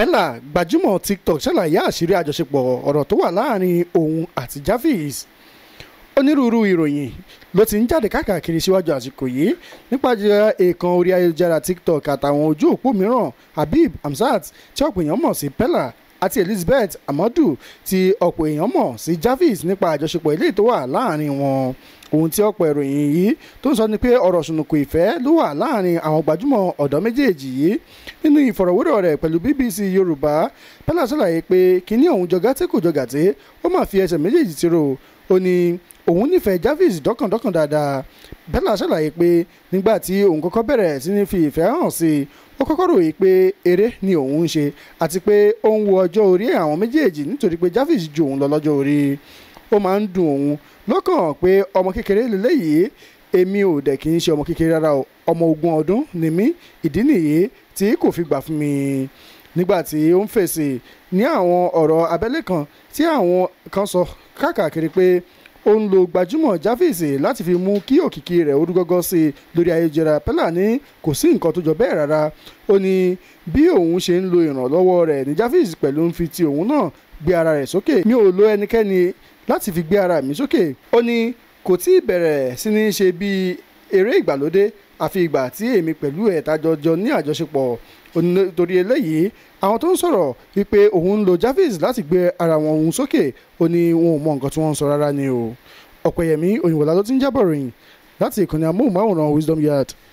Pella gbajúmọ̀ TikTok ṣàlàyé àṣírí àjọṣepọ̀ ọ̀rọ̀ tó wà láàrin òun àti Javis onírúurú ìròyìn ló ti ń jáde káàkiri síwájú àsìkò yìí nípa jẹ èèkàn orí ayélujára TikTok àtàwọn ojú òpó mìíràn Habib Hamzat tí ọ̀pọ̀ èèyàn mọ̀ sí Pella àti Elizabeth Amadu Ti ọ̀pọ̀ èèyàn mọ̀ sí Jarvis nípa àjọṣepọ̀ ilé tó wà láàrin wọn ohun tí ọ̀pọ̀ ìròyìn yìí tó ń sọ ni pé ọ̀rọ̀ sùnùkù ìfẹ́ ló wà láàrin àwọn gbajúmọ̀ ọ̀dọ́ méjèèjì yìí nínú ìfọ̀rọ̀wérọ̀ rẹ̀ pẹ̀lú BBC Yorùbá Pẹ́lá ṣàlàyé pé kínní òun jọ gàtẹ́ kò jọ gàtẹ́ ó mà fi ẹsẹ̀ méjèèjì tìrò ó ní òun nífẹ̀ẹ́ Javis dọ́kàndọ́kàn dáadáa Bella ṣàlàyé pé nígbà tí òun kọ́kọ́ bẹ̀rẹ̀ sí ní fi ìfẹ́ hàn sí i ó kọ́kọ́ ròyìn pé eré ni òun ń ṣe àti pé ó ń wo ọjọ́ orí àwọn méjèèjì nítorí pé Javis ju òun lọ lọ́jọ́ orí ó máa ń dùn òun lọ́kàn pé ọmọ kékeré lélẹ́yìí èmi ò dẹ̀ kì í ṣe ọmọ kékeré rárá o ọmọ ogún ọdún ni mí ìdí nìyí tí kò fi gbà fún mi nígbà tí ó ń fèsì ní àwọn ọ̀rọ̀ abẹ́lé kan tí àwọn kan sọ káàkiri pé ó ń lo gbajúmọ̀ jáfíìsì láti fi mú kí òkìkí rẹ̀ orúgọ́gọ́ sí i lórí ayélujára pẹ́lá ní kò sí nǹkan tó jọ bẹ́ẹ̀ rárá ó ní bí òun ṣe ń lo ìrànlọ́wọ́ rẹ̀ ní jáfíìsì pẹ̀lú ń fi ti òun náà gbé ara rẹ̀ sókè mi ò lo ẹnikẹ́ni láti fi gbé ara mi sókè ó ní kò tí ì bẹ̀rẹ̀ sí ní ṣe bíi eré ìgbàlódé àfi ìgbà tí èmi pẹ̀lú ẹ̀ tajọjọ ní àjọṣepọ̀ nítorí eléyìí àwọn tó ń sọ̀rọ̀ wípé òun ń lo Jarvis láti gbé ara wọn òun sókè ó ní wọn ò mọ nǹkan tí wọ́n ń sọ rárá ni o Ọ̀pẹ̀yẹmí Òyìnbọ̀lá ló ti ń jábọ̀ ròyìn láti ìkànnì amóhùnmáwòrán Wisdom Yard.